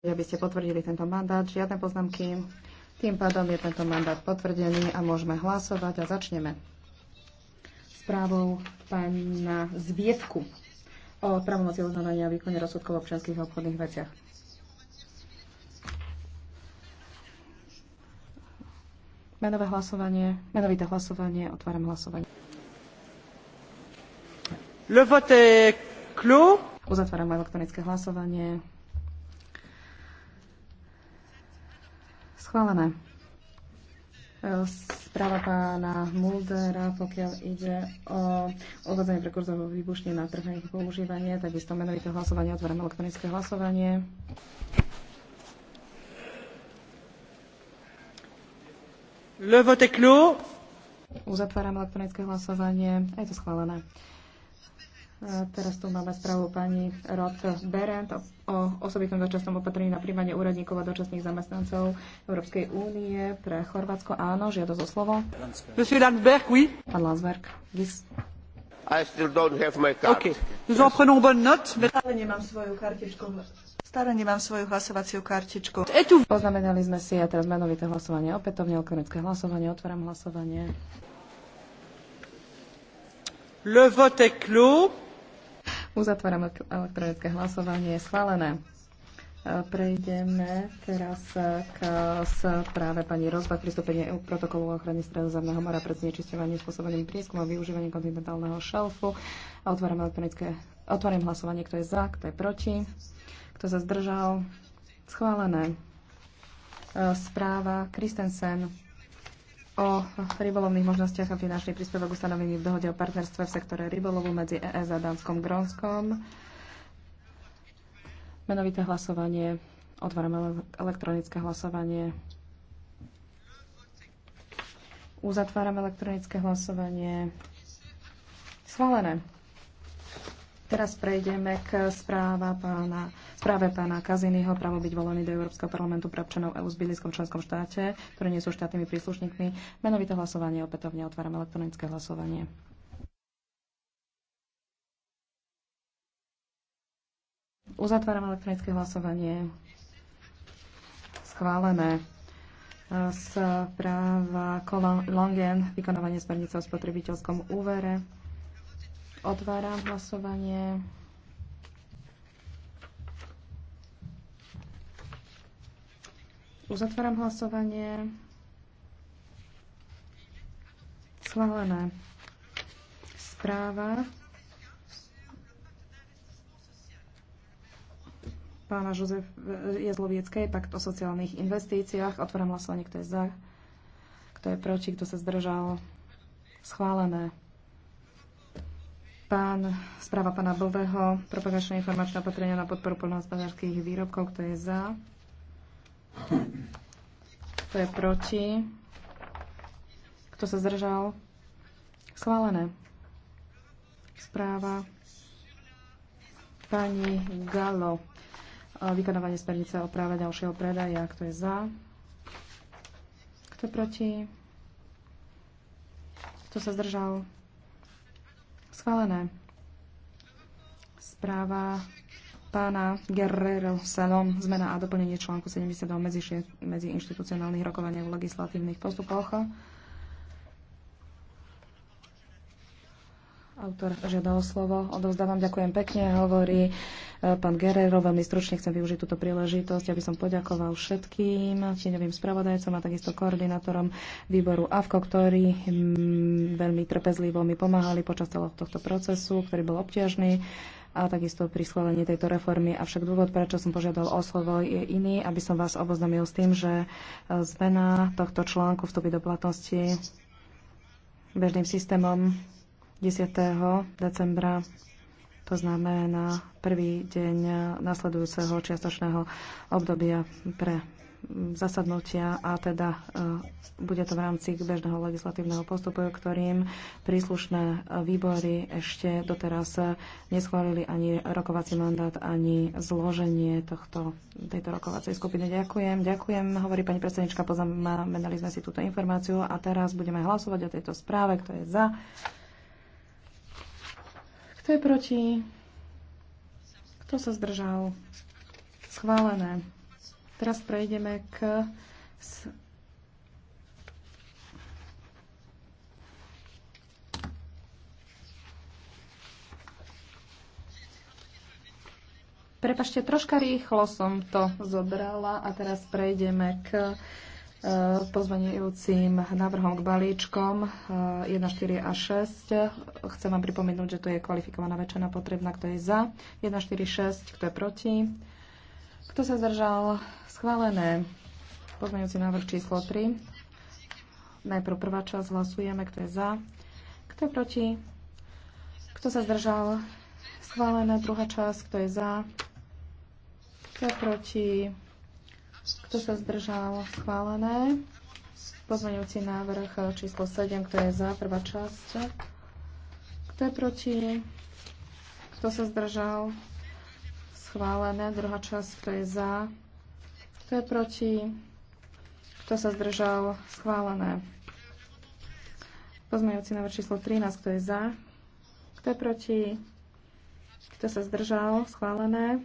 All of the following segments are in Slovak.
aby ste potvrdili tento mandát. Žiadne poznámky. Tým pádom je tento mandát potvrdený a môžeme hlasovať a začneme správou pána Zviedku o pravomoci uznávania a výkone rozsudkov v občianských a obchodných veciach. Menové hlasovanie, menovité hlasovanie, otváram hlasovanie. Le vote est clos. Uzatváram elektronické hlasovanie. Schválené. Správa pána Muldera, pokiaľ ide o uvádzanie prekurzorov výbušne na trh a ich používanie, takisto menovité hlasovanie, otvorem elektronické hlasovanie. Le vote est clos. Uzatváram elektronické hlasovanie a je to schválené. Teraz tu máme správu pani Rod Berend o osobitom dočasnom opatrení na príjmanie úradníkov a dočasných zamestnancov Európskej únie pre Chorvátsko. Áno, žiadosť o slovo. Monsieur Landsberg, oui. Pán Landsberg, yes. I still don't have my card. Okay. Nous en prenons bonne note. Stále nemám svoju kartičku. Stále nemám svoju hlasovaciu kartičku. Etu. Poznamenali sme si a teraz menovité hlasovanie. Opätovne elektronické hlasovanie. Otváram hlasovanie. Le vote est clos. Uzatváram elektronické hlasovanie. Schválené. E, prejdeme teraz e, k správe pani Rozba pristúpenie EU protokolu o ochrane stredozemného mora pred znečisťovaním spôsobeným prieskumom a využívaním kontinentálneho šelfu. Otváram elektronické otvorím hlasovanie, kto je za, kto je proti, kto sa zdržal. Schválené. E, správa Kristensen o rybolovných možnostiach a finančný príspevok ustanovený v dohode o partnerstve v sektore rybolovu medzi ES a Dánskom Grónskom. Menovité hlasovanie. Otváram elektronické hlasovanie. Uzatváram elektronické hlasovanie. Schválené. Teraz prejdeme k správa pána práve pána Kazinyho, právo byť volený do Európskeho parlamentu pre občanov EU v blízkom členskom štáte, ktorí nie sú štátnymi príslušníkmi. Menovité hlasovanie opätovne otváram elektronické hlasovanie. Uzatváram elektronické hlasovanie. Schválené správa kolongen, vykonávanie smernice o spotrebiteľskom úvere. Otváram hlasovanie. Uzatváram hlasovanie. Schválené. Správa pána Jozef Jezlovieckej, pakt o sociálnych investíciách. Otváram hlasovanie, kto je za, kto je proti, kto sa zdržal. Schválené. Pán, správa pána Blvého, propagačné informačné opatrenia na podporu plnohospodárských výrobkov, kto je za, kto je proti? Kto sa zdržal? Schválené. Správa pani Galo. Vykonávanie smernice o práve ďalšieho predaja. Kto je za? Kto je proti? Kto sa zdržal? Schválené. Správa pána Guerrero Salom zmena a doplnenie článku 72 medzi, medzi inštitucionálnych rokovaniach v legislatívnych postupoch. Autor žiada o slovo. Odovzdávam, ďakujem pekne, hovorí e, pán Guerrero. Veľmi stručne chcem využiť túto príležitosť, aby som poďakoval všetkým tieňovým spravodajcom a takisto koordinátorom výboru AVKO, ktorí mm, veľmi trpezlivo mi pomáhali počas celého tohto procesu, ktorý bol obťažný a takisto pri schválení tejto reformy. Avšak dôvod, prečo som požiadal o slovo, je iný, aby som vás oboznámil s tým, že e, zmena tohto článku vstupy do platnosti bežným systémom 10. decembra to znamená prvý deň e, nasledujúceho čiastočného obdobia pre zasadnutia a teda e, bude to v rámci bežného legislatívneho postupu, ktorým príslušné e, výbory ešte doteraz neschválili ani rokovací mandát, ani zloženie tohto, tejto rokovacej skupiny. Ďakujem, ďakujem, hovorí pani predsednička, poznamenali sme si túto informáciu a teraz budeme hlasovať o tejto správe, kto je za, kto je proti, kto sa zdržal. Schválené. Teraz prejdeme k Prepašte, troška rýchlo som to zobrala a teraz prejdeme k e, pozvaniujúcim návrhom k balíčkom 1, e, 4 a 6. Chcem vám pripomenúť, že to je kvalifikovaná väčšina potrebná, kto je za. 1, 4, 6, kto je proti. Kto sa zdržal? Schválené. Pozmeňujúci návrh číslo 3. Najprv prvá časť hlasujeme, kto je za, kto je proti, kto sa zdržal, schválené druhá časť, kto je za, kto je proti, kto sa zdržal, schválené. Pozmeňujúci návrh číslo 7, kto je za, prvá časť, kto je proti, kto sa zdržal, schválené. Druhá časť, kto je za, kto je proti, kto sa zdržal, schválené. Pozmejúci návrh číslo 13, kto je za, kto je proti, kto sa zdržal, schválené.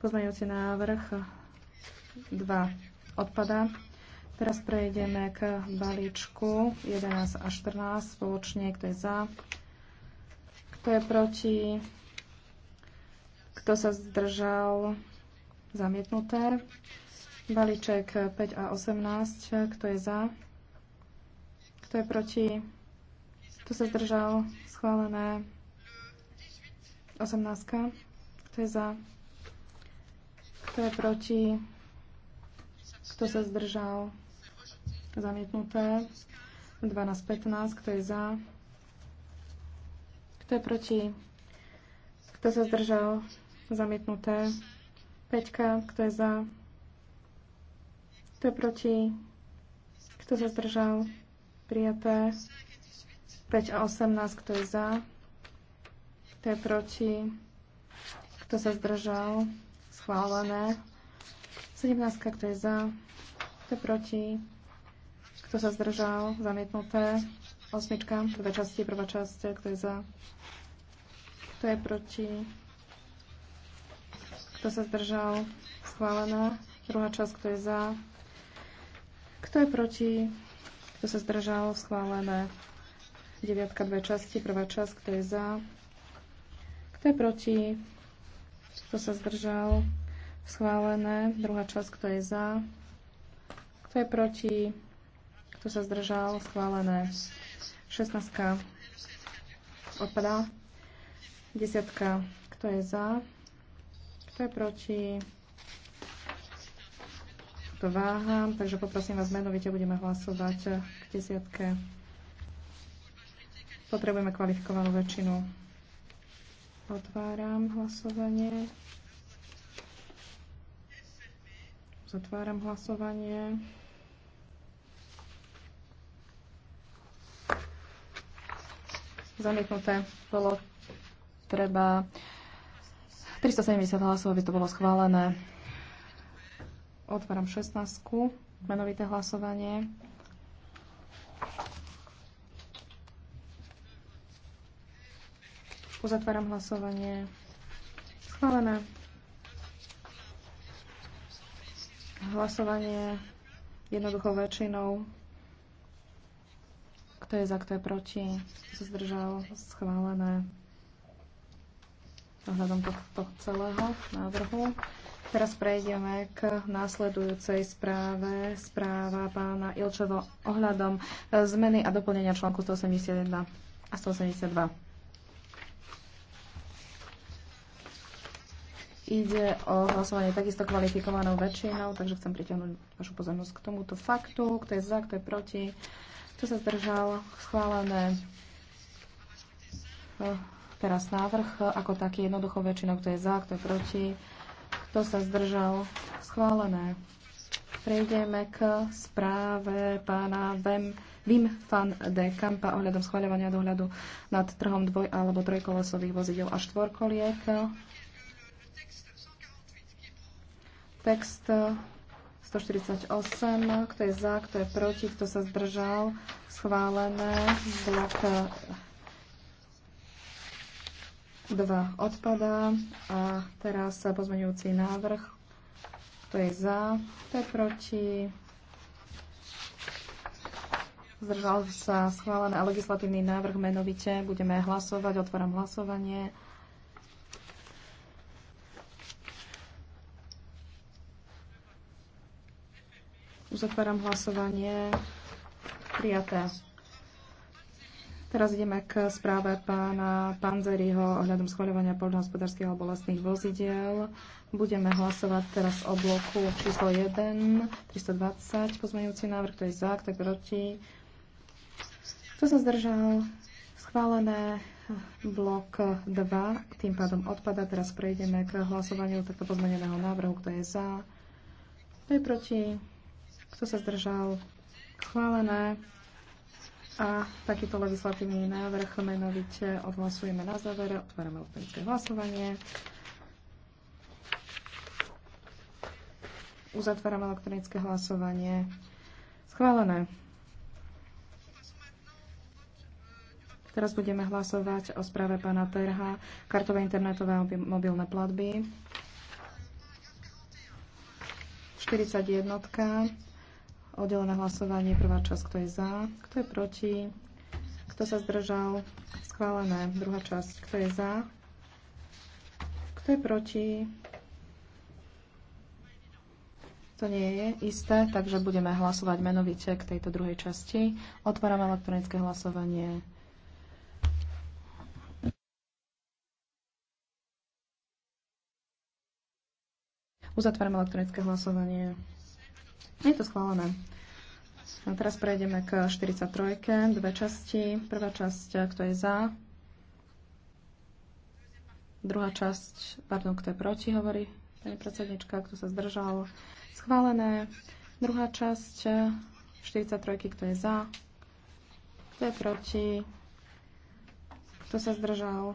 Pozmejúci návrh 2 odpada. Teraz prejdeme k balíčku 11 a 14 spoločne, kto je za, kto je proti, kto sa zdržal? Zamietnuté. Balíček 5 a 18. Kto je za? Kto je proti? Kto sa zdržal? Schválené. 18. Kto je za? Kto je proti? Kto sa zdržal? Zamietnuté. 12.15. Kto je za? Kto je proti? Kto sa zdržal? Zamietnuté. Peťka, kto je za? Kto je proti? Kto sa zdržal? Prijaté. 5 a 18, kto je za? Kto je proti? Kto sa zdržal? Schválené. 17, kto je za? Kto je proti? Kto sa zdržal? Zamietnuté. Osmička, dve časti, prvá časť, kto je za? Kto je proti? Kto sa zdržal? Schválená. Druhá časť, kto je za? Kto je proti? Kto sa zdržal? Schválené. Deviatka, dve časti. Prvá časť, kto je za? Kto je proti? Kto sa zdržal? Schválené. Druhá časť, kto je za? Kto je proti? Kto sa zdržal? Schválené. 16. Odpadá. Desiatka. Kto je za? Kto je proti? To váham, takže poprosím vás menovite, budeme hlasovať k desiatke. Potrebujeme kvalifikovanú väčšinu. Otváram hlasovanie. Zatváram hlasovanie. Zamietnuté bolo treba 370 hlasov, aby to bolo schválené. Otváram 16. Menovité hlasovanie. Uzatváram hlasovanie. Schválené. Hlasovanie jednoduchou väčšinou. Kto je za, kto je proti? Kto sa zdržal? Schválené ohľadom tohto celého návrhu. Teraz prejdeme k následujúcej správe, správa pána Ilčovo ohľadom e, zmeny a doplnenia článku 181 a 182. Ide o hlasovanie takisto kvalifikovanou väčšinou, takže chcem pritiahnuť vašu pozornosť k tomuto faktu, kto je za, kto je proti, kto sa zdržal, schválené e, Teraz návrh ako taký jednoduchou väčšinou, kto je za, kto je proti, kto sa zdržal, schválené. Prejdeme k správe pána Vem, Vim van de Kampa ohľadom schváľovania dohľadu nad trhom dvoj- alebo trojkolesových vozidel a štvorkoliek. Text 148, kto je za, kto je proti, kto sa zdržal, schválené, blok 2 odpadá a teraz sa pozmeňujúci návrh. Kto je za, kto je proti. Zdržal sa schválený legislatívny návrh menovite. Budeme hlasovať. Otváram hlasovanie. Uzatváram hlasovanie. Prijaté. Teraz ideme k správe pána Panzeriho ohľadom schváľovania poľnohospodárskych alebo lesných vozidiel. Budeme hlasovať teraz o bloku číslo 1, 320, pozmeňujúci návrh, kto je za, kto je proti. Kto sa zdržal? Schválené blok 2, tým pádom odpada. Teraz prejdeme k hlasovaniu takto pozmeneného návrhu, kto je za, kto je proti, kto sa zdržal. Schválené a takýto legislatívny návrh menovite odhlasujeme na závere. Otvárame elektronické hlasovanie. Uzatvárame elektronické hlasovanie. Schválené. Teraz budeme hlasovať o správe pána Terha, kartové internetové a mobilné platby. 41. Oddelené hlasovanie, prvá časť, kto je za, kto je proti, kto sa zdržal, schválené. Druhá časť, kto je za, kto je proti, to nie je isté, takže budeme hlasovať menovite k tejto druhej časti. Otváram elektronické hlasovanie. Uzatváram elektronické hlasovanie. Je to schválené. A teraz prejdeme k 43. Dve časti. Prvá časť, e, kto je za. Druhá časť, pardon, kto je proti, hovorí pani predsednička, kto sa zdržal. Schválené. Druhá časť, 43. E, kto je za? Kto je proti? Kto sa zdržal?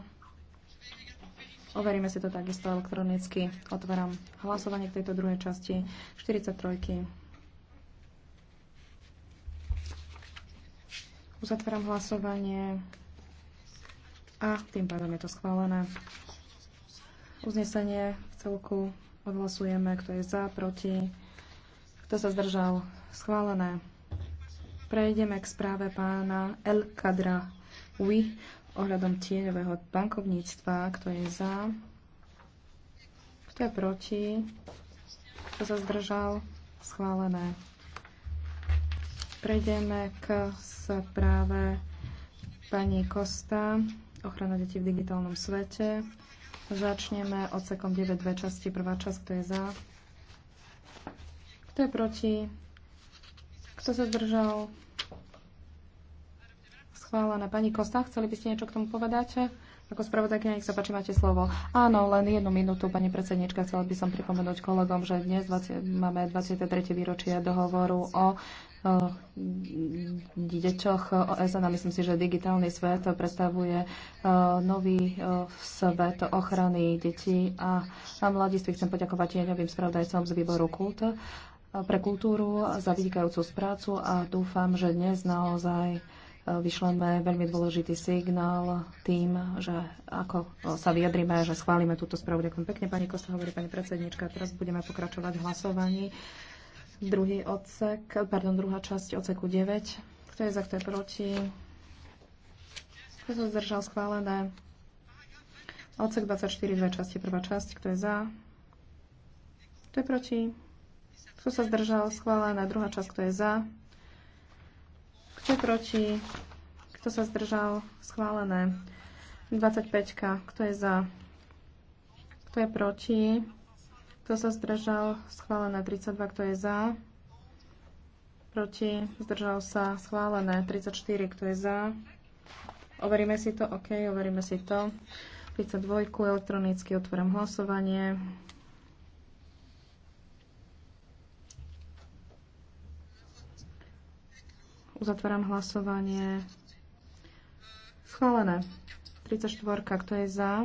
Overíme si to takisto elektronicky. Otváram hlasovanie k tejto druhej časti 43. Uzatváram hlasovanie a tým pádom je to schválené. Uznesenie v celku odhlasujeme, kto je za, proti, kto sa zdržal. Schválené. Prejdeme k správe pána El Kadra ohľadom tieňového bankovníctva. Kto je za? Kto je proti? Kto sa zdržal? Schválené. Prejdeme k správe pani Kosta, ochrana detí v digitálnom svete. Začneme odsekom 9, dve časti. Prvá časť, kto je za? Kto je proti? Kto sa zdržal? Schválené. Pani Kosta, chceli by ste niečo k tomu povedať? Ako spravodajkyňa, nech sa páči, máte slovo. Áno, len jednu minútu, pani predsednička. Chcela by som pripomenúť kolegom, že dnes 20, máme 23. výročie dohovoru o deťoch OSN a myslím si, že digitálny svet predstavuje nový svet ochrany detí a na mladiství. Chcem poďakovať jeňovým spravodajcom z výboru KULT pre kultúru za vynikajúcu prácu a dúfam, že dnes naozaj vyšleme veľmi dôležitý signál tým, že ako sa vyjadríme, že schválime túto správu. Ďakujem pekne, pani Kosta, hovorí pani predsednička. Teraz budeme pokračovať v hlasovaní. Druhý odsek, pardon, druhá časť odseku 9. Kto je za, kto je proti? Kto sa zdržal schválené? Odsek 24, dve časti, prvá časť. Kto je za? Kto je proti? Kto sa zdržal schválené? Druhá časť, kto je za? Kto je proti? Kto sa zdržal? Schválené. 25. Kto je za? Kto je proti? Kto sa zdržal? Schválené. 32. Kto je za? Proti? Zdržal sa? Schválené. 34. Kto je za? Overíme si to? OK, overíme si to. 32. Elektronicky otvorím hlasovanie. Uzatváram hlasovanie. Schválené. 34. Kto je za?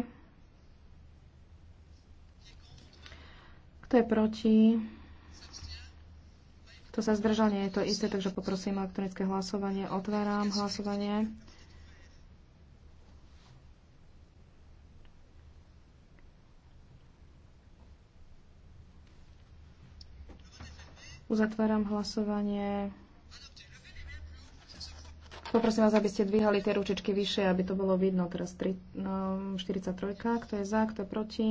Kto je proti? Kto sa zdržal, nie je to isté, takže poprosím elektronické hlasovanie. Otváram hlasovanie. Uzatváram hlasovanie. Poprosím vás, aby ste dvíhali tie ručičky vyššie, aby to bolo vidno. Teraz 3, no, 43, kto je za, kto je proti.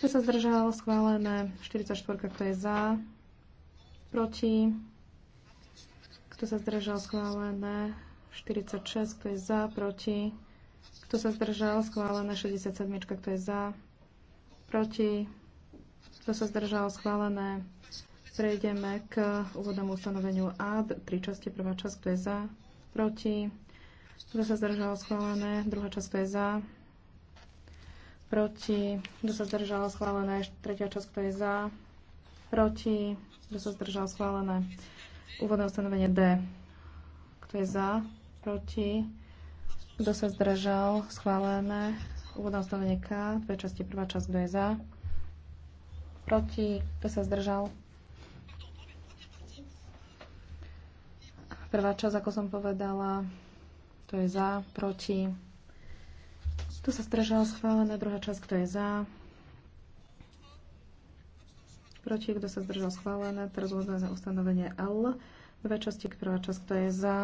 Kto sa zdržal, schválené. 44, kto je za, proti. Kto sa zdržal, schválené. 46, kto je za, proti. Kto sa zdržal, schválené. 67, kto je za, proti. Kto sa zdržal, schválené. Prejdeme k úvodnému ustanoveniu A. Tri časti, prvá časť, kto je za, proti, kto sa zdržal schválené, druhá časť, kto je za, proti, kto sa zdržal schválené, tretia časť, kto je za, proti, kto sa zdržal schválené, úvodné ustanovenie D, kto je za, proti, kto sa zdržal schválené, úvodné ustanovenie K, dve časti, prvá časť, kto je za, proti, kto sa zdržal Prvá časť, ako som povedala, to je za, proti. Tu sa zdržal schválená Druhá časť, kto je za, proti, kto sa zdržal schválené. Teraz vodné ustanovenie L. Dve časti, prvá časť, kto je za,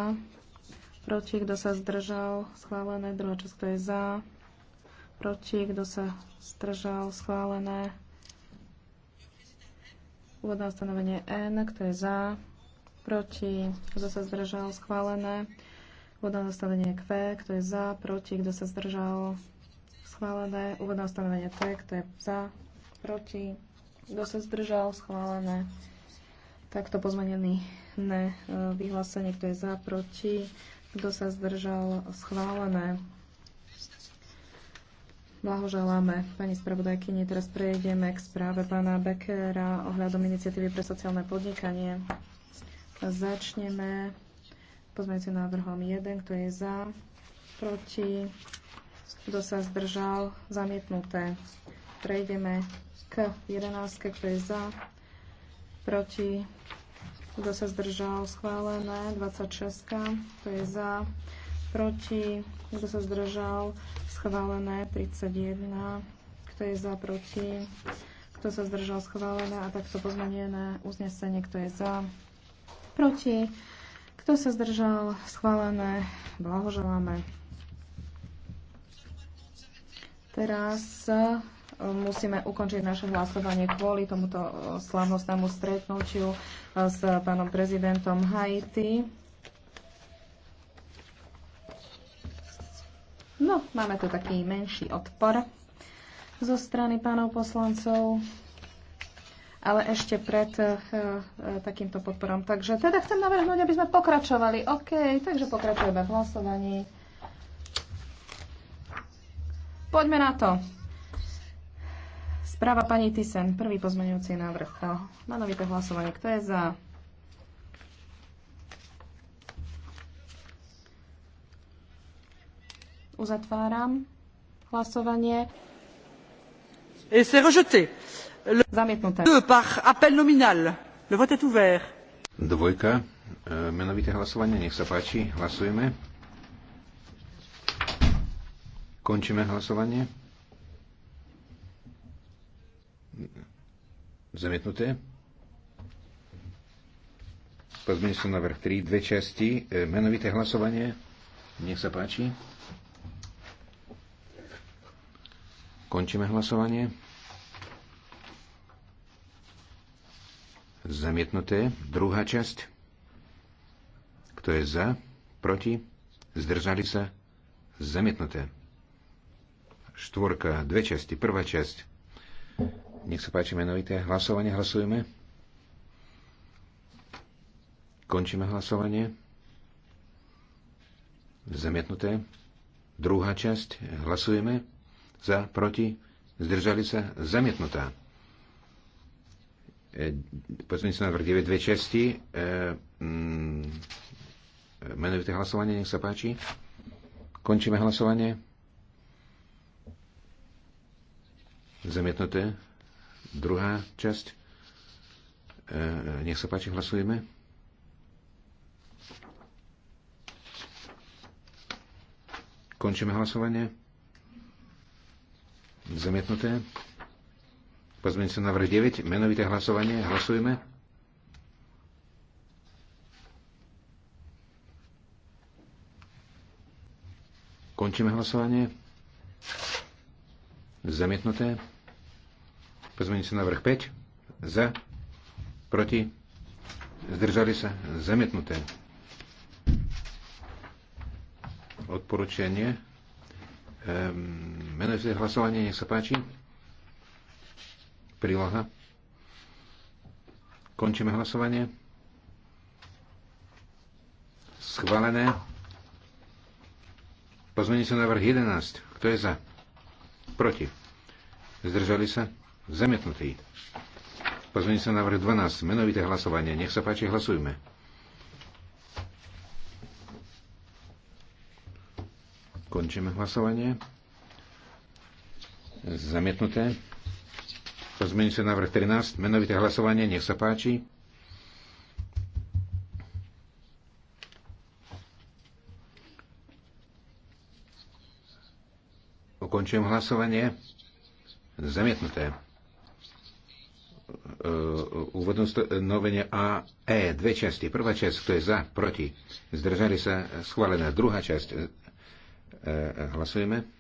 proti, kto sa zdržal schválené. Druhá časť, kto je za, proti, kto sa zdržal schválené. Úvodné ustanovenie N, kto je za, proti, kto sa zdržal, schválené. Úvodné ustanovenie Q, kto je za, proti, kto sa zdržal, schválené. Úvodné ustanovenie T, kto je za, proti, kto sa zdržal, schválené. Takto pozmenený ne, e, vyhlásenie, kto je za, proti, kto sa zdržal, schválené. Blahoželáme pani spravodajkyni. Teraz prejdeme k správe pána Bekera ohľadom iniciatívy pre sociálne podnikanie. Začneme pozmeňujúcim návrhom 1, kto je za, proti, kto sa zdržal, zamietnuté. Prejdeme k 11, kto je za, proti, kto sa zdržal, schválené. 26, kto je za, proti, kto sa zdržal, schválené. 31, kto je za, proti, kto sa zdržal, schválené. A takto pozmenené uznesenie, kto je za, proti, kto sa zdržal, schválené, blahoželáme. Teraz e, musíme ukončiť naše hlasovanie kvôli tomuto e, slavnostnému stretnutiu e, s pánom prezidentom Haiti. No, máme tu taký menší odpor zo strany pánov poslancov ale ešte pred uh, takýmto podporom. Takže teda chcem navrhnúť, aby sme pokračovali. OK, takže pokračujeme v hlasovaní. Poďme na to. Správa pani Tysen, prvý pozmeňujúci návrh. Oh, novité hlasovanie. Kto je za? Uzatváram hlasovanie. Et c'est rejeté. Dvojka. E, menovité hlasovanie. Nech sa páči. Hlasujeme. Končíme hlasovanie. Zamietnuté. Pozmeň sa návrh 3, dve časti, e, menovité hlasovanie. Nech sa páči. Končíme hlasovanie. Zamietnuté. Druhá časť. Kto je za? Proti? Zdržali sa? Zamietnuté. Štvorka. Dve časti. Prvá časť. Nech sa páči menovité. Hlasovanie. Hlasujeme. Končíme hlasovanie. Zamietnuté. Druhá časť. Hlasujeme. Za, proti, zdržali sa, zamietnutá. E, pozmeňujúci návrh 9, dve časti. E, mm, e, menovité hlasovanie, nech sa páči. Končíme hlasovanie. Zamietnuté. Druhá časť. Nech sa páči, hlasujeme. Končíme hlasovanie. Zamietnuté na vrch 9, menovité hlasovanie. Hlasujeme. Končíme hlasovanie. Zamietnuté. na vrch 5, za, proti, zdržali sa, zamietnuté. Odporúčanie. Ehm, menovité hlasovanie, nech sa páči príloha. Končíme hlasovanie. Schválené. Pozmení sa návrh 11. Kto je za? Proti. Zdržali sa? Zamietnutý. Pozmení sa návrh 12. Menovité hlasovanie. Nech sa páči, hlasujme. Končíme hlasovanie. Zamietnuté sa návrh 13, menovité hlasovanie, nech sa páči. Ukončujem hlasovanie. Zamietnuté. E, Úvodné stanovenie e, A, E, dve časti. Prvá časť, kto je za, proti. Zdržali sa schválená. Druhá časť. E, hlasujeme.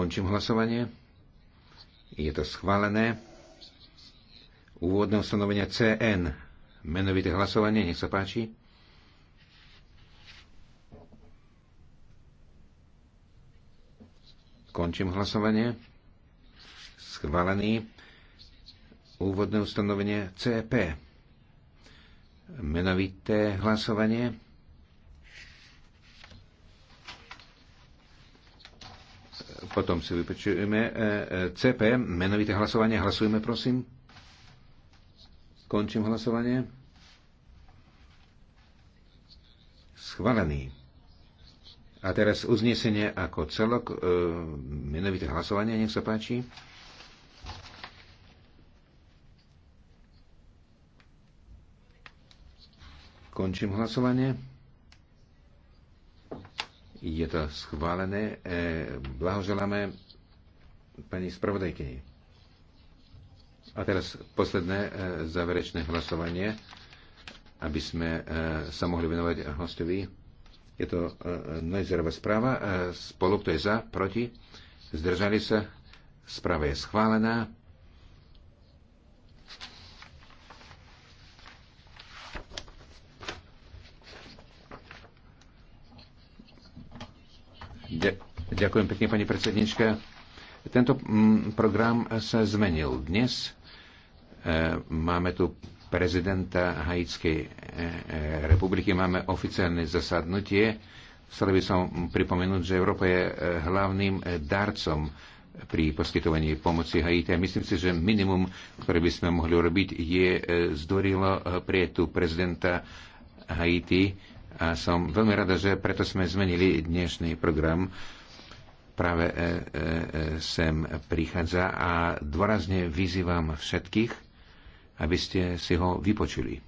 Končím hlasovanie. Je to schválené. Úvodné ustanovenia CN. Menovité hlasovanie. Nech sa páči. Končím hlasovanie. Schválený. Úvodné ustanovenie CP. Menovité hlasovanie. potom si vypečujeme. E, e, CP, menovité hlasovanie, hlasujeme prosím. Končím hlasovanie. Schválený. A teraz uznesenie ako celok, e, menovité hlasovanie, nech sa páči. Končím hlasovanie. Je to schválené. E, blahoželáme pani spravodajkyni. A teraz posledné e, záverečné hlasovanie, aby sme e, sa mohli venovať hostovi. Je to Neuzerová správa. Spolu, kto je za, proti, zdržali sa. Správa je schválená. Ďakujem pekne, pani predsednička. Tento mm, program sa zmenil. Dnes e, máme tu prezidenta Haitskej e, e, republiky, máme oficiálne zasadnutie. Chcel by som pripomenúť, že Európa je hlavným darcom pri poskytovaní pomoci Haiti. A myslím si, že minimum, ktoré by sme mohli urobiť, je zdorilo prietu prezidenta Haiti. A som veľmi rada, že preto sme zmenili dnešný program práve e- e- e- sem prichádza a dôrazne vyzývam všetkých, aby ste si ho vypočuli.